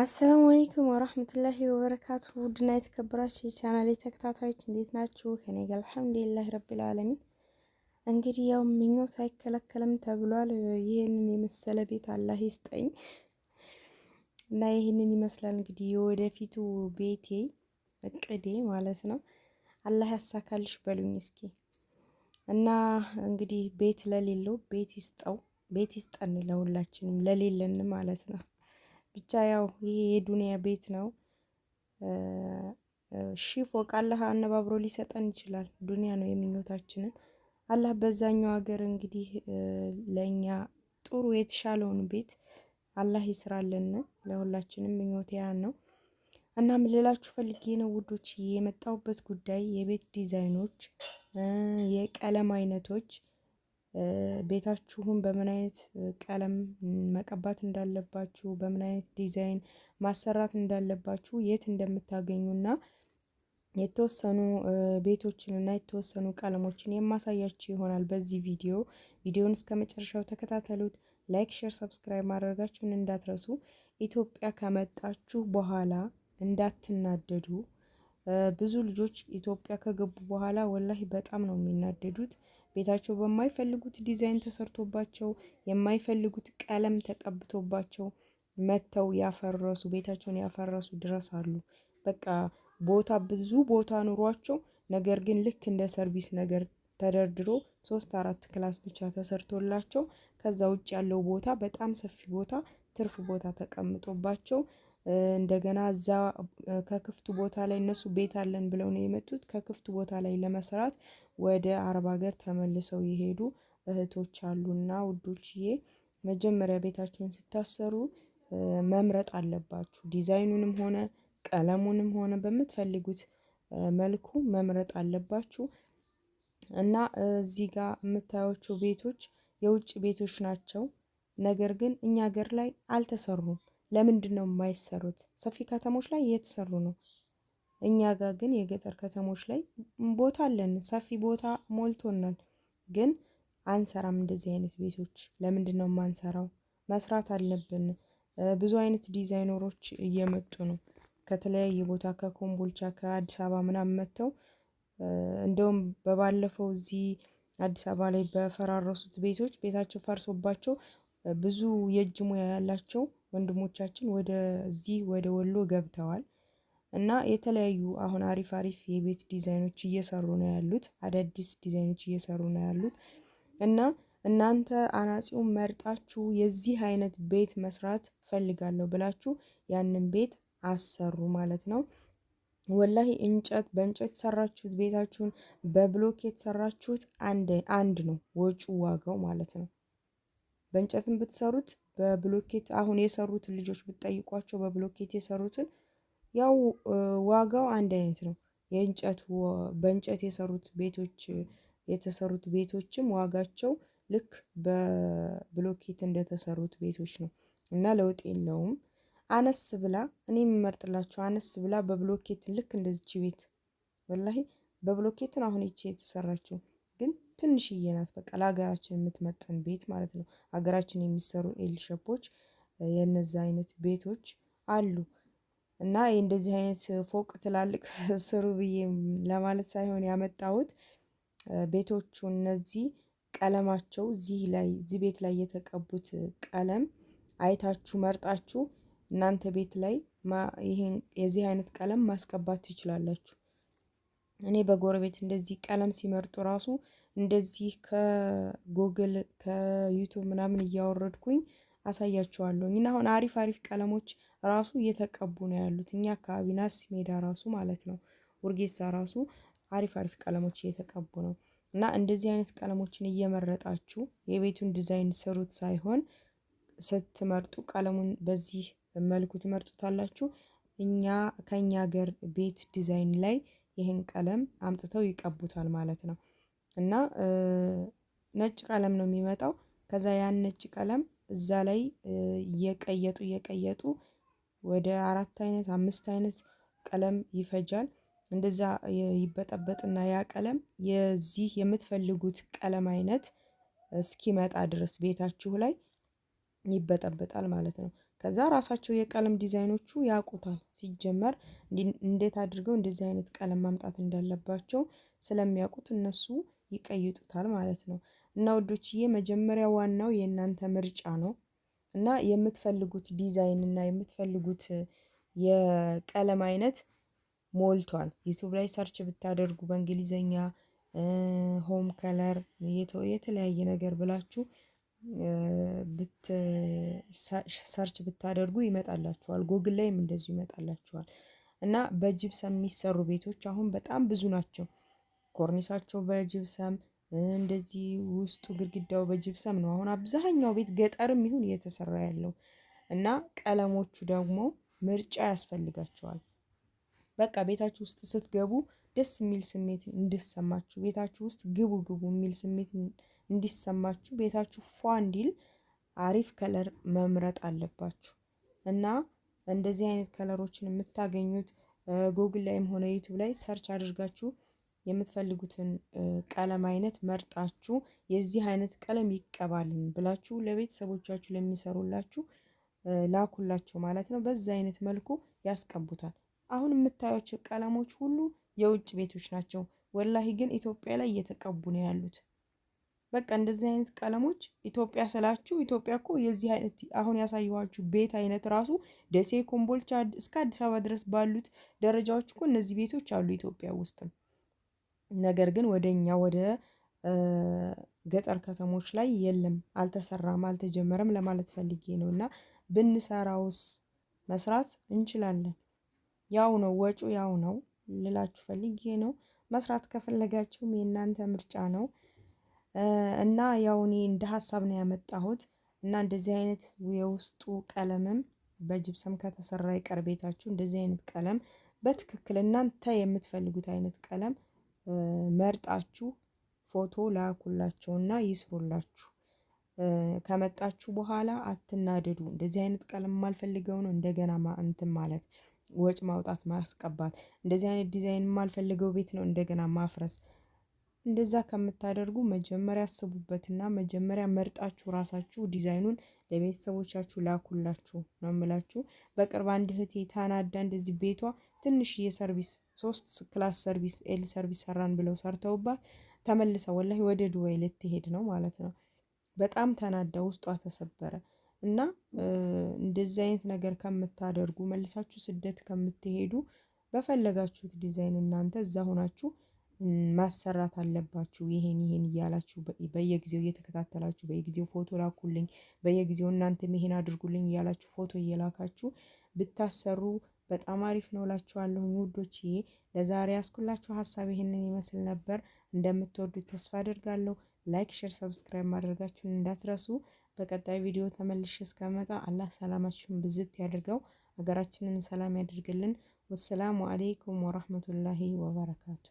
አሰላሙ አለይኩም ወራህመቱላሂ ወበረካቱ ውድና የተከበራችሁ የቻናሌ ተከታታዮች እንዴት ናችሁ? ከኔ ጋር አልሐምዱሊላህ ረቢል ዓለሚን። እንግዲህ ያው ምኞት አይከለከልም ተብሏል። ይህንን የመሰለ ቤት አላህ ይስጠኝ እና ይህንን ይመስላል እንግዲህ የወደፊቱ ቤቴ እቅዴ ማለት ነው። አላህ ያሳካልሽ በሉኝ እስኪ እና እንግዲህ ቤት ለሌለው ቤት ይስጠው፣ ቤት ይስጠን ለሁላችንም ለሌለን ማለት ነው። ብቻ ያው ይሄ የዱንያ ቤት ነው። ሺ ፎቅ አላህ አነባብሮ ሊሰጠን ይችላል። ዱንያ ነው የምኞታችንን አላህ በዛኛው ሀገር እንግዲህ ለእኛ ጥሩ የተሻለውን ቤት አላህ ይስራልን። ለሁላችንም ምኞት ያን ነው። እናም ልላችሁ ፈልጌ ነው ውዶች የመጣሁበት ጉዳይ የቤት ዲዛይኖች፣ የቀለም አይነቶች ቤታችሁን በምን አይነት ቀለም መቀባት እንዳለባችሁ በምን አይነት ዲዛይን ማሰራት እንዳለባችሁ የት እንደምታገኙ እና የተወሰኑ ቤቶችን እና የተወሰኑ ቀለሞችን የማሳያችሁ ይሆናል በዚህ ቪዲዮ። ቪዲዮን እስከ መጨረሻው ተከታተሉት። ላይክ፣ ሼር፣ ሰብስክራይብ ማድረጋችሁን እንዳትረሱ። ኢትዮጵያ ከመጣችሁ በኋላ እንዳትናደዱ። ብዙ ልጆች ኢትዮጵያ ከገቡ በኋላ ወላሂ በጣም ነው የሚናደዱት። ቤታቸው በማይፈልጉት ዲዛይን ተሰርቶባቸው የማይፈልጉት ቀለም ተቀብቶባቸው መጥተው ያፈረሱ ቤታቸውን ያፈረሱ ድረስ አሉ። በቃ ቦታ ብዙ ቦታ ኑሯቸው ነገር ግን ልክ እንደ ሰርቪስ ነገር ተደርድሮ ሶስት አራት ክላስ ብቻ ተሰርቶላቸው ከዛ ውጭ ያለው ቦታ በጣም ሰፊ ቦታ ትርፍ ቦታ ተቀምጦባቸው እንደገና እዛ ከክፍቱ ቦታ ላይ እነሱ ቤት አለን ብለው ነው የመጡት። ከክፍቱ ቦታ ላይ ለመስራት ወደ አረብ ሀገር ተመልሰው የሄዱ እህቶች አሉና ውዶችዬ፣ መጀመሪያ ቤታችሁን ስታሰሩ መምረጥ አለባችሁ። ዲዛይኑንም ሆነ ቀለሙንም ሆነ በምትፈልጉት መልኩ መምረጥ አለባችሁ እና እዚህ ጋር የምታዩቸው ቤቶች የውጭ ቤቶች ናቸው። ነገር ግን እኛ ሀገር ላይ አልተሰሩም። ለምንድን ነው የማይሰሩት? ሰፊ ከተሞች ላይ እየተሰሩ ነው። እኛ ጋር ግን የገጠር ከተሞች ላይ ቦታ አለን፣ ሰፊ ቦታ ሞልቶናል፣ ግን አንሰራም። እንደዚህ አይነት ቤቶች ለምንድን ነው የማንሰራው? መስራት አለብን። ብዙ አይነት ዲዛይነሮች እየመጡ ነው ከተለያየ ቦታ ከኮምቦልቻ፣ ከአዲስ አበባ ምናምን መጥተው እንደውም በባለፈው እዚህ አዲስ አበባ ላይ በፈራረሱት ቤቶች ቤታቸው ፈርሶባቸው ብዙ የእጅ ሙያ ያላቸው ወንድሞቻችን ወደዚህ ወደ ወሎ ገብተዋል እና የተለያዩ አሁን አሪፍ አሪፍ የቤት ዲዛይኖች እየሰሩ ነው ያሉት። አዳዲስ ዲዛይኖች እየሰሩ ነው ያሉት እና እናንተ አናጺውን መርጣችሁ የዚህ አይነት ቤት መስራት ፈልጋለሁ ብላችሁ ያንን ቤት አሰሩ ማለት ነው። ወላሂ እንጨት በእንጨት ሰራችሁት ቤታችሁን በብሎክ የተሰራችሁት አንድ ነው ወጩ ዋጋው ማለት ነው። በእንጨትም ብትሰሩት በብሎኬት አሁን የሰሩትን ልጆች ብትጠይቋቸው በብሎኬት የሰሩትን ያው ዋጋው አንድ አይነት ነው። የእንጨት በእንጨት የሰሩት ቤቶች የተሰሩት ቤቶችም ዋጋቸው ልክ በብሎኬት እንደተሰሩት ቤቶች ነው እና ለውጥ የለውም። አነስ ብላ እኔ የምመርጥላቸው አነስ ብላ በብሎኬት ልክ እንደዚች ቤት ወላሂ በብሎኬትን አሁን ይቼ የተሰራችው ትንሽዬ ናት። በቃ ለሀገራችን የምትመጥን ቤት ማለት ነው። ሀገራችን የሚሰሩ ኤል ሸፖች አይነት ቤቶች አሉ እና እንደዚህ አይነት ፎቅ ትላልቅ ስሩ ብዬ ለማለት ሳይሆን ያመጣሁት ቤቶቹ እነዚህ ቀለማቸው እዚህ ላይ እዚህ ቤት ላይ የተቀቡት ቀለም አይታችሁ መርጣችሁ እናንተ ቤት ላይ ይሄን የዚህ አይነት ቀለም ማስቀባት ትችላላችሁ። እኔ በጎረቤት እንደዚህ ቀለም ሲመርጡ ራሱ እንደዚህ ከጎግል ከዩቱብ ምናምን እያወረድኩኝ አሳያቸዋለሁኝ። እና አሁን አሪፍ አሪፍ ቀለሞች ራሱ እየተቀቡ ነው ያሉት እኛ አካባቢ ናስ ሜዳ ራሱ ማለት ነው ውርጌሳ ራሱ አሪፍ አሪፍ ቀለሞች እየተቀቡ ነው። እና እንደዚህ አይነት ቀለሞችን እየመረጣችሁ የቤቱን ዲዛይን ስሩት ሳይሆን ስትመርጡ ቀለሙን በዚህ መልኩ ትመርጡታላችሁ። እኛ ከእኛ ሀገር ቤት ዲዛይን ላይ ይህን ቀለም አምጥተው ይቀቡታል ማለት ነው። እና ነጭ ቀለም ነው የሚመጣው። ከዛ ያን ነጭ ቀለም እዛ ላይ እየቀየጡ እየቀየጡ ወደ አራት አይነት አምስት አይነት ቀለም ይፈጃል። እንደዛ ይበጠበጥና ያ ቀለም የዚህ የምትፈልጉት ቀለም አይነት እስኪመጣ ድረስ ቤታችሁ ላይ ይበጠበጣል ማለት ነው። ከዛ ራሳቸው የቀለም ዲዛይኖቹ ያውቁታል። ሲጀመር እንዴት አድርገው እንደዚህ አይነት ቀለም ማምጣት እንዳለባቸው ስለሚያውቁት እነሱ ይቀይጡታል ማለት ነው። እና ውዶችዬ መጀመሪያ ዋናው የእናንተ ምርጫ ነው እና የምትፈልጉት ዲዛይን እና የምትፈልጉት የቀለም አይነት ሞልቷል። ዩቱብ ላይ ሰርች ብታደርጉ በእንግሊዘኛ ሆም ከለር የተለያየ ነገር ብላችሁ ሰርች ብታደርጉ ይመጣላችኋል። ጎግል ላይም እንደዚሁ ይመጣላችኋል። እና በጅብሰም የሚሰሩ ቤቶች አሁን በጣም ብዙ ናቸው። ኮርኒሳቸው በጅብሰም እንደዚህ ውስጡ ግድግዳው በጅብሰም ነው። አሁን አብዛኛው ቤት ገጠርም ይሁን እየተሰራ ያለው እና ቀለሞቹ ደግሞ ምርጫ ያስፈልጋቸዋል። በቃ ቤታችሁ ውስጥ ስትገቡ ደስ የሚል ስሜት እንዲሰማችሁ ቤታችሁ ውስጥ ግቡ ግቡ የሚል ስሜት እንዲሰማችሁ ቤታችሁ ፏ እንዲል አሪፍ ከለር መምረጥ አለባችሁ እና እንደዚህ አይነት ከለሮችን የምታገኙት ጉግል ላይም ሆነ ዩቱብ ላይ ሰርች አድርጋችሁ የምትፈልጉትን ቀለም አይነት መርጣችሁ የዚህ አይነት ቀለም ይቀባልን ብላችሁ ለቤተሰቦቻችሁ ለሚሰሩላችሁ ላኩላቸው ማለት ነው። በዚህ አይነት መልኩ ያስቀቡታል። አሁን የምታዩቸው ቀለሞች ሁሉ የውጭ ቤቶች ናቸው። ወላሂ ግን ኢትዮጵያ ላይ እየተቀቡ ነው ያሉት። በቃ እንደዚህ አይነት ቀለሞች ኢትዮጵያ ስላችሁ ኢትዮጵያ እኮ የዚህ አይነት አሁን ያሳየኋችሁ ቤት አይነት ራሱ ደሴ፣ ኮምቦልቻ እስከ አዲስ አበባ ድረስ ባሉት ደረጃዎች እኮ እነዚህ ቤቶች አሉ ኢትዮጵያ ውስጥም ነገር ግን ወደ እኛ ወደ ገጠር ከተሞች ላይ የለም፣ አልተሰራም፣ አልተጀመረም ለማለት ፈልጌ ነው። እና ብንሰራውስ መስራት እንችላለን። ያው ነው ወጪ ያው ነው ልላችሁ ፈልጌ ነው። መስራት ከፈለጋችሁም የእናንተ ምርጫ ነው። እና ያው እኔ እንደ ሀሳብ ነው ያመጣሁት። እና እንደዚህ አይነት የውስጡ ቀለምም በጅብሰም ከተሰራ ይቀር ቤታችሁ እንደዚህ አይነት ቀለም በትክክል እናንተ የምትፈልጉት አይነት ቀለም መርጣችሁ ፎቶ ላኩላቸውና ይስሩላችሁ። ከመጣችሁ በኋላ አትናደዱ። እንደዚህ አይነት ቀለም የማልፈልገው ነው እንደገና እንትን ማለት ወጭ ማውጣት ማስቀባት፣ እንደዚህ አይነት ዲዛይን የማልፈልገው ቤት ነው እንደገና ማፍረስ። እንደዛ ከምታደርጉ መጀመሪያ አስቡበትና መጀመሪያ መርጣችሁ ራሳችሁ ዲዛይኑን ለቤተሰቦቻችሁ ላኩላችሁ ነው የምላችሁ። በቅርብ አንድ እህቴ ታናዳ እንደዚህ ቤቷ ትንሽ የሰርቪስ ሶስት ክላስ ሰርቪስ ኤል ሰርቪስ ሰራን ብለው ሰርተውባት ተመልሰው ወላሂ ወደ ዱባይ ልትሄድ ነው ማለት ነው። በጣም ተናዳ ውስጧ ተሰበረ እና እንደዚህ አይነት ነገር ከምታደርጉ መልሳችሁ ስደት ከምትሄዱ በፈለጋችሁት ዲዛይን እናንተ እዛ ሆናችሁ ማሰራት አለባችሁ። ይሄን ይሄን እያላችሁ በየጊዜው እየተከታተላችሁ በየጊዜው ፎቶ ላኩልኝ፣ በየጊዜው እናንተም ይሄን አድርጉልኝ እያላችሁ ፎቶ እየላካችሁ ብታሰሩ በጣም አሪፍ ነው እላችኋለሁ ውዶችዬ። ለዛሬ ያስኩላችሁ ሀሳብ ይህንን ይመስል ነበር። እንደምትወዱት ተስፋ አድርጋለሁ። ላይክ፣ ሼር፣ ሰብስክራይብ ማድረጋችሁን እንዳትረሱ። በቀጣይ ቪዲዮ ተመልሼ እስከመጣ አላህ ሰላማችሁን ብዝት ያድርገው፣ ሀገራችንን ሰላም ያድርግልን። ወሰላሙ አሌይኩም ወራህመቱላሂ ወበረካቱ